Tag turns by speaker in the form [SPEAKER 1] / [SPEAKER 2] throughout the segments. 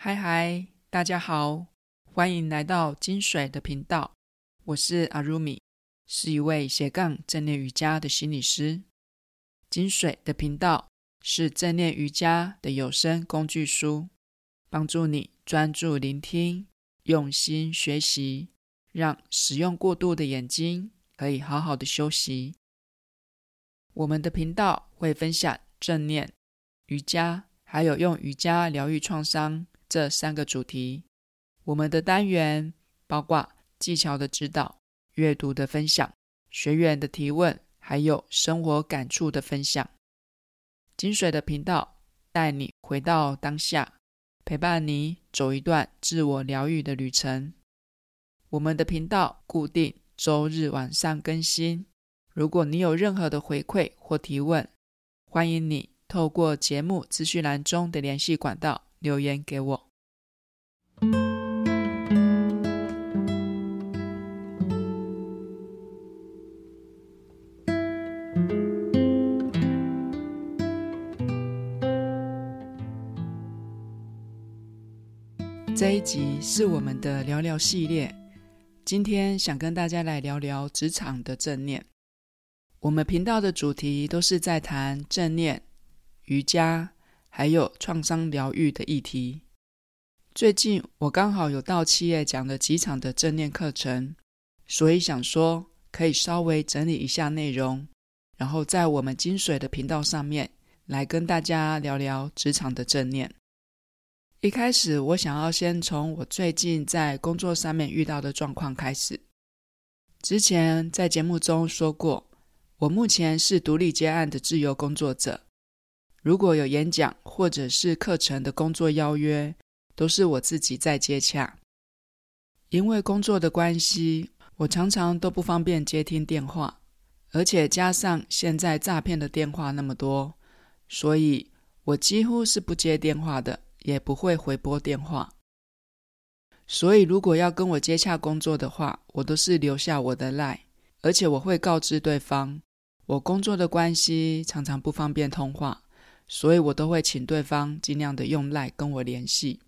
[SPEAKER 1] 嗨嗨，大家好，歡迎來到金水的頻道。我是阿如米，是一位斜槓正念瑜伽的心理師。金水的頻道是正念瑜伽的有聲工具書，幫助你專注聆聽、用心學習，讓使用過度的眼睛可以好好的休息。我們的頻道會分享正念瑜伽，還有用瑜伽療癒創傷。這三個主題，我們的單元包括技巧的指導、閱讀的分享、學員的提問，還有生活感觸的分享。金水的頻道帶你回到當下，陪伴你走一段自我療癒的旅程。我們的頻道固定周日晚上更新。如果你有任何的回饋或提問，歡迎你透過節目資訊欄中的聯繫管道留言給我。這一集是我們的聊聊系列，今天想跟大家來聊聊職場的正念。我們頻道的主題都是在談正念、瑜伽。還有創傷療癒的議題。最近我剛好有到企業講了幾場的正念課程，所以想說可以稍微整理一下內容，然後在我們金水的頻道上面來跟大家聊聊職場的正念。一開始我想要先從我最近在工作上面遇到的狀況開始。之前在節目中說過，我目前是獨立接案的自由工作者。如果有演講或者是課程的工作邀約，都是我自己在接洽。因為工作的關係，我常常都不方便接聽電話，而且加上現在詐騙的電話那麼多，所以我幾乎是不接電話的，也不會回撥電話。所以如果要跟我接洽工作的話，我都是留下我的 LINE，而且我會告知對方，我工作的關係常常不方便通話。所以，我都會請對方盡量的用 LINE 跟我聯繫。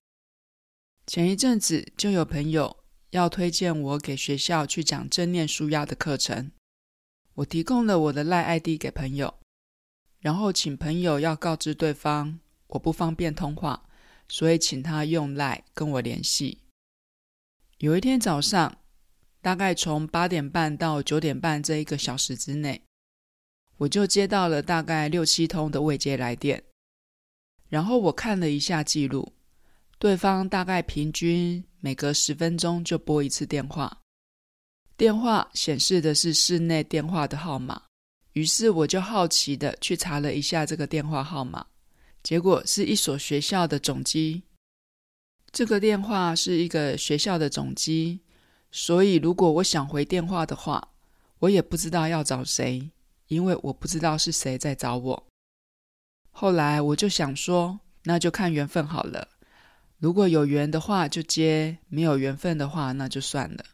[SPEAKER 1] 前一陣子就有朋友要推薦我給學校去講正念舒壓的課程，我提供了我的 LINE ID 給朋友，然後請朋友要告知對方我不方便通話，所以請他用 LINE 跟我聯繫。有一天早上，大概從八點半到九點半這一個小時之內。我就接到了大概六七通的未接來電，然後我看了一下記錄，對方大概平均每隔十分鐘就撥一次電話。電話顯示的是市內電話的號碼，於是我就好奇地去查了一下這個電話號碼，結果是一所學校的總機。這個電話是一個學校的總機，所以如果我想回電話的話，我也不知道要找誰。因為我不知道是誰在找我。後來我就想說，那就看緣分好了。如果有緣的話就接，沒有緣分的話那就算了。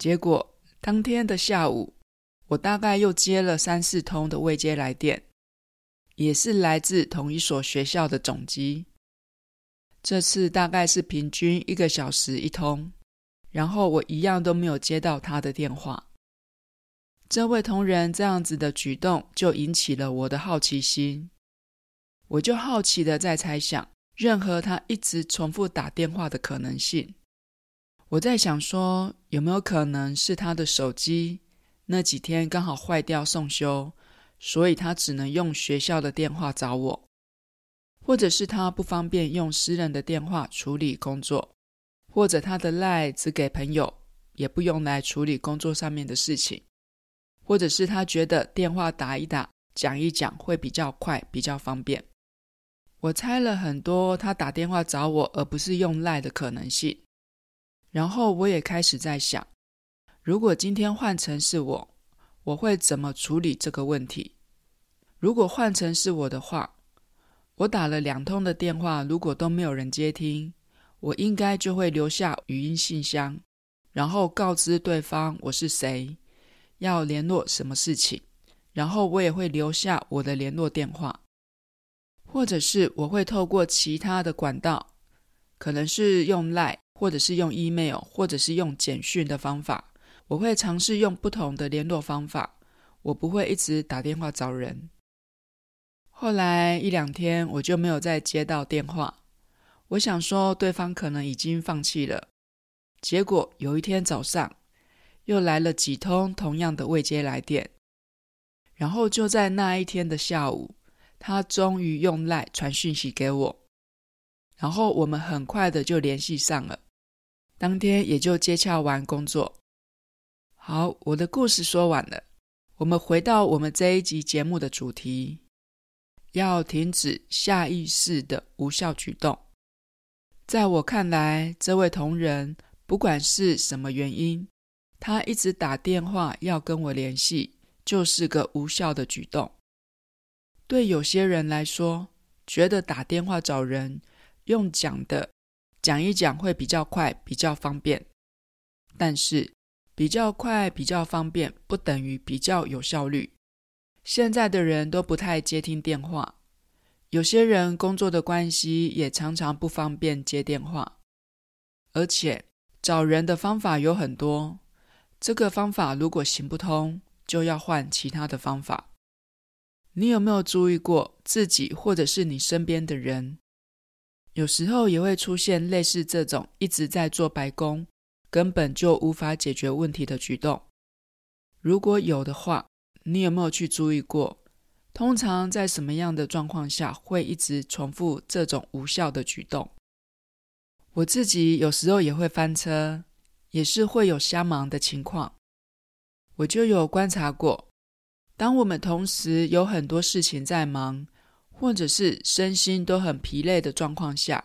[SPEAKER 1] 結果當天的下午，我大概又接了三四通的未接來電，也是來自同一所學校的總機。這次大概是平均一個小時一通，然後我一樣都沒有接到他的電話。這位同仁這樣子的舉動，就引起了我的好奇心。我就好奇的在猜想，任何他一直重複打電話的可能性。我在想說，有沒有可能是他的手機那幾天剛好壞掉送修，所以他只能用學校的電話找我，或者是他不方便用私人的電話處理工作，或者他的賴只給朋友，也不用來處理工作上面的事情。或者是他覺得電話打一打，講一講會比較快，比較方便。我猜了很多他打電話找我而不是用賴的可能性。然後我也開始在想，如果今天換成是我，我會怎麼處理這個問題？如果換成是我的話，我打了兩通的電話，如果都沒有人接聽，我應該就會留下語音信箱，然後告知對方我是誰。要聯絡什麼事情，然後我也會留下我的聯絡電話，或者是我會透過其他的管道，可能是用 LINE 或者是用 email，或者是用簡訊的方法，我會嘗試用不同的聯絡方法，我不會一直打電話找人。後來一兩天我就沒有再接到電話，我想說對方可能已經放棄了，結果有一天早上。又來了幾通同樣的未接來電，然後就在那一天的下午，他終於用 LINE 傳訊息給我，然後我們很快的就聯繫上了。當天也就接洽完工作。好，我的故事說完了。我們回到我們這一集節目的主題，要停止下意識的無效舉動。在我看來，這位同仁不管是什麼原因。他一直打電話要跟我聯繫，就是個無效的舉動。對有些人來說，覺得打電話找人用講的講一講會比較快、比較方便。但是，比較快、比較方便不等於比較有效率。現在的人都不太接聽電話，有些人工作的關係也常常不方便接電話，而且找人的方法有很多。這個方法如果行不通，就要換其他的方法。你有沒有注意過自己或者是你身邊的人，有時候也會出現類似這種一直在做白工，根本就無法解決問題的舉動？如果有的話，你有沒有去注意過？通常在什麼樣的狀況下會一直重複這種無效的舉動？我自己有時候也會翻車。也是會有瞎忙的情況，我就有觀察過，當我們同時有很多事情在忙，或者是身心都很疲累的狀況下，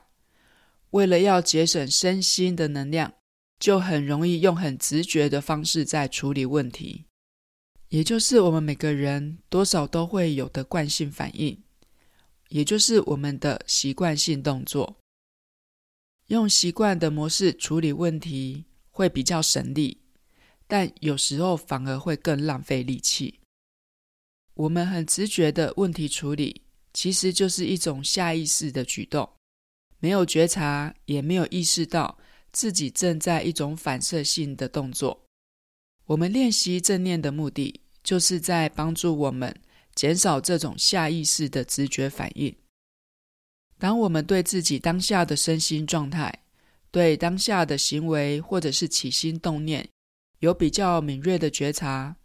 [SPEAKER 1] 為了要節省身心的能量，就很容易用很直覺的方式在處理問題，也就是我們每個人多少都會有的慣性反應，也就是我們的習慣性動作，用習慣的模式處理問題。會比較省力，但有時候反而會更浪費力氣。我們很直覺的問題處理，其實就是一種下意識的舉動，沒有覺察，也沒有意識到自己正在一種反射性的動作。我們練習正念的目的，就是在幫助我們減少這種下意識的直覺反應。當我們對自己當下的身心狀態，對當下的行為或者是起心動念有比較敏銳的覺察，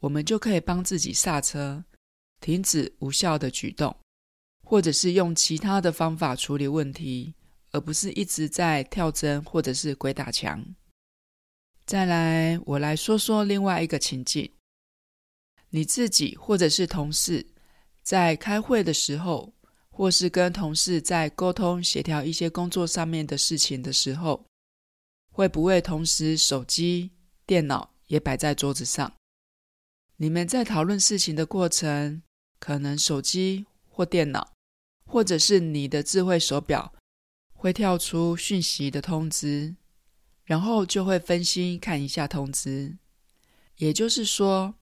[SPEAKER 1] 我們就可以幫自己煞車，停止無效的舉動，或者是用其他的方法處理問題，而不是一直在跳針或者是鬼打牆。再來，我來說說另外一個情境：你自己或者是同事在開會的時候。或是跟同事在溝通協調一些工作上面的事情的時候，會不會同時手機、電腦也擺在桌子上？你們在討論事情的過程，可能手機或電腦，或者是你的智慧手錶，會跳出訊息的通知，然後就會分心看一下通知。也就是說，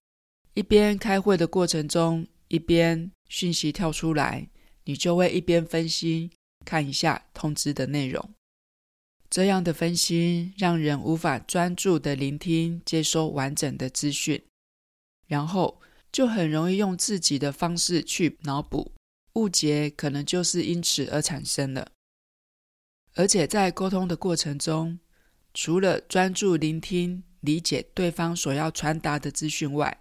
[SPEAKER 1] 一邊開會的過程中，一邊訊息跳出來。你就會一邊分心看一下通知的內容，這樣的分心讓人無法專注的聆聽、接收完整的資訊，然後就很容易用自己的方式去腦補，誤解可能就是因此而產生的。而且在溝通的過程中，除了專注聆聽、理解對方所要傳達的資訊外，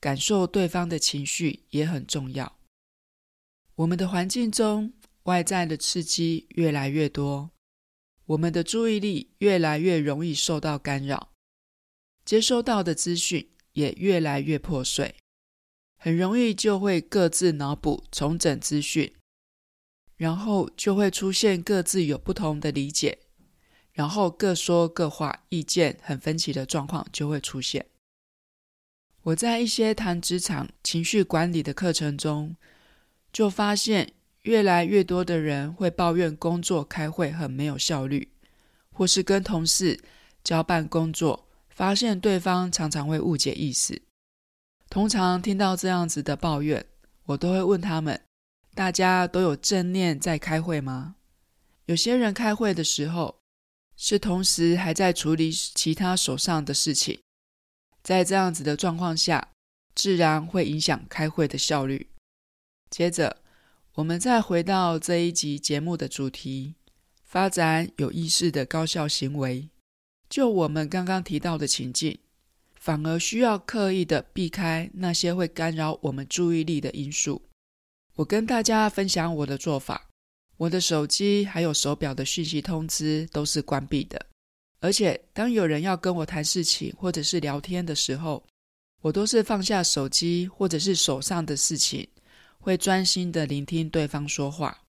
[SPEAKER 1] 感受對方的情緒也很重要。我們的環境中外在的刺激越來越多，我們的注意力越來越容易受到干擾，接收到的資訊也越來越破碎，很容易就會各自腦補、重整資訊，然後就會出現各自有不同的理解，然後各說各話，意見很分歧的狀況就會出現。我在一些談職場情緒管理的課程中，就發現越來越多的人會抱怨，工作開會很沒有效率，或是跟同事交辦工作，發現對方常常會誤解意思。通常聽到這樣子的抱怨，我都會問他們：大家都有正念在開會嗎？有些人開會的時候，是同時還在處理其他手上的事情，在這樣子的狀況下，自然會影響開會的效率。接着，我們再回到這一集節目的主題：發展有意識的高效行為。就我們剛剛提到的情境，反而需要刻意的避開那些會干擾我們注意力的因素。我跟大家分享我的做法：我的手機還有手表的訊息通知都是關閉的，而且當有人要跟我談事情或者是聊天的時候，我都是放下手機或者是手上的事情。會專心的聆聽對方說話，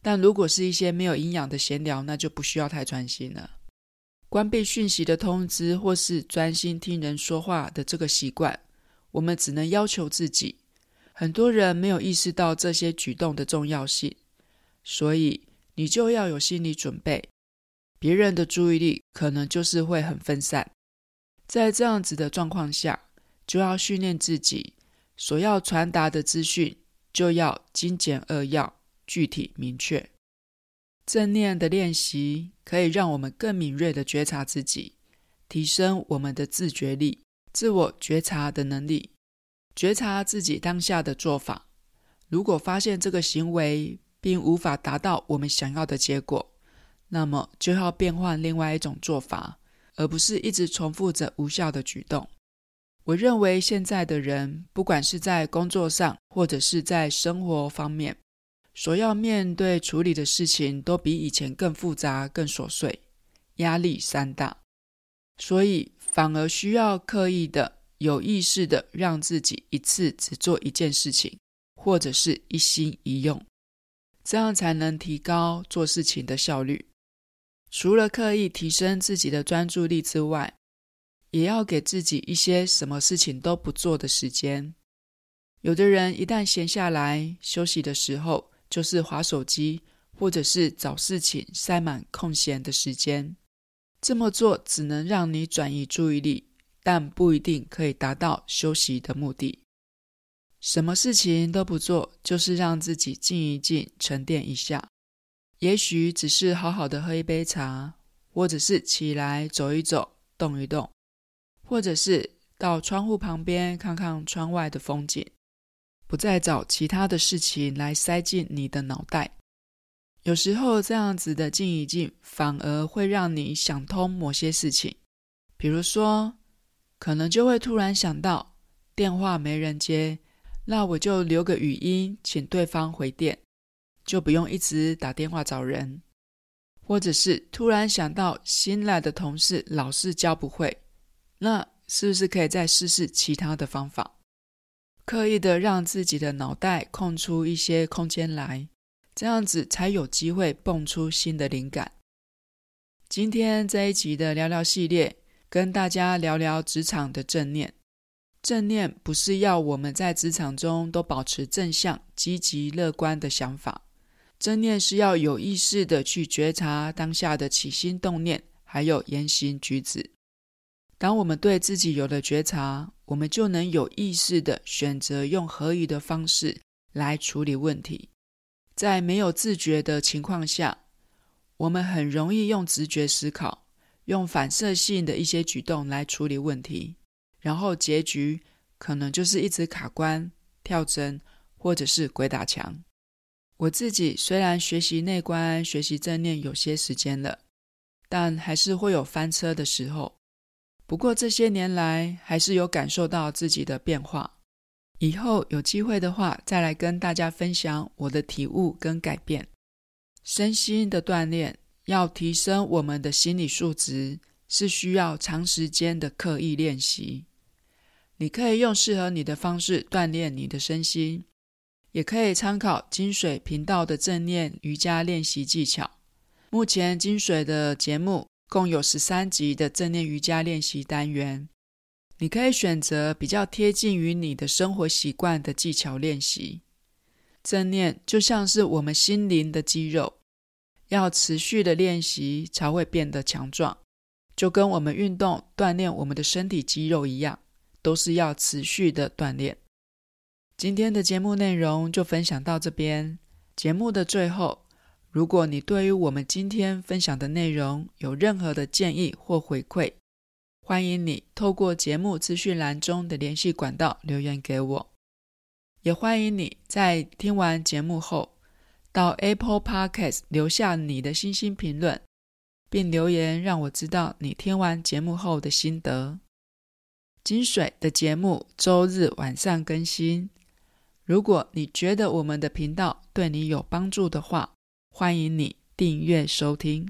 [SPEAKER 1] 但如果是一些沒有營養的閒聊，那就不需要太專心了。關閉訊息的通知，或是專心聽人說話的這個習慣，我們只能要求自己。很多人沒有意識到這些舉動的重要性，所以你就要有心理準備，別人的注意力可能就是會很分散。在這樣子的狀況下，就要訓練自己所要傳達的資訊。就要精簡扼要、具體明確。正念的練習可以讓我們更敏銳的覺察自己，提升我們的自覺力、自我覺察的能力，覺察自己當下的做法。如果發現這個行為並無法達到我們想要的結果，那麼就要變換另外一種做法，而不是一直重複着無效的舉動。我認為現在的人，不管是在工作上，或者是在生活方面，所要面對處理的事情，都比以前更複雜、更瑣碎，壓力山大。所以，反而需要刻意的、有意識的，讓自己一次只做一件事情，或者是一心一用，這樣才能提高做事情的效率。除了刻意提升自己的專注力之外，也要給自己一些什麼事情都不做的時間。有的人一旦閒下來休息的時候，就是滑手機，或者是找事情塞滿空閒的時間。這麼做只能讓你轉移注意力，但不一定可以達到休息的目的。什麼事情都不做，就是讓自己靜一靜、沉澱一下。也許只是好好的喝一杯茶，或者是起來走一走、動一動。或者是到窗戶旁邊看看窗外的風景，不再找其他的事情來塞進你的腦袋。有時候這樣子的靜一靜，反而會讓你想通某些事情。比如說，可能就會突然想到電話沒人接，那我就留個語音，請對方回電，就不用一直打電話找人。或者是突然想到新來的同事老是教不會。那是不是可以再試試其他的方法？刻意的讓自己的腦袋空出一些空間來，這樣子才有機會蹦出新的靈感。今天這一集的聊聊系列，跟大家聊聊職場的正念。正念不是要我們在職場中都保持正向、積極、樂觀的想法，正念是要有意識的去覺察當下的起心動念，還有言行舉止。當我們對自己有了覺察，我們就能有意識地選擇用合宜的方式來處理問題。在沒有自覺的情況下，我們很容易用直覺思考，用反射性的一些舉動來處理問題，然後結局可能就是一直卡關、跳針，或者是鬼打牆。我自己雖然學習內觀、學習正念有些時間了，但還是會有翻車的時候。不過這些年來，還是有感受到自己的變化。以後有機會的話，再來跟大家分享我的體悟跟改變。身心的鍛鍊，要提升我們的心理素質，是需要長時間的刻意練習。你可以用適合你的方式鍛鍊你的身心，也可以參考金水頻道的正念瑜伽練習技巧。目前金水的節目。共有十三集的正念瑜伽練習單元，你可以選擇比較貼近於你的生活習慣的技巧練習。正念就像是我們心靈的肌肉，要持續的練習才會變得強壯，就跟我們運動鍛鍊我們的身體肌肉一樣，都是要持續的鍛鍊。今天的節目內容就分享到這邊，節目的最後，如果你對於我們今天分享的內容有任何的建議或回饋，歡迎你透過節目資訊欄中的聯繫管道，留言給我。也歡迎你在聽完節目後，到 Apple Podcast 留下你的星星評論，並留言讓我知道你聽完節目後的心得。金水的節目週日晚上更新。如果你覺得我們的頻道對你有幫助的話，歡迎你訂閱收聽。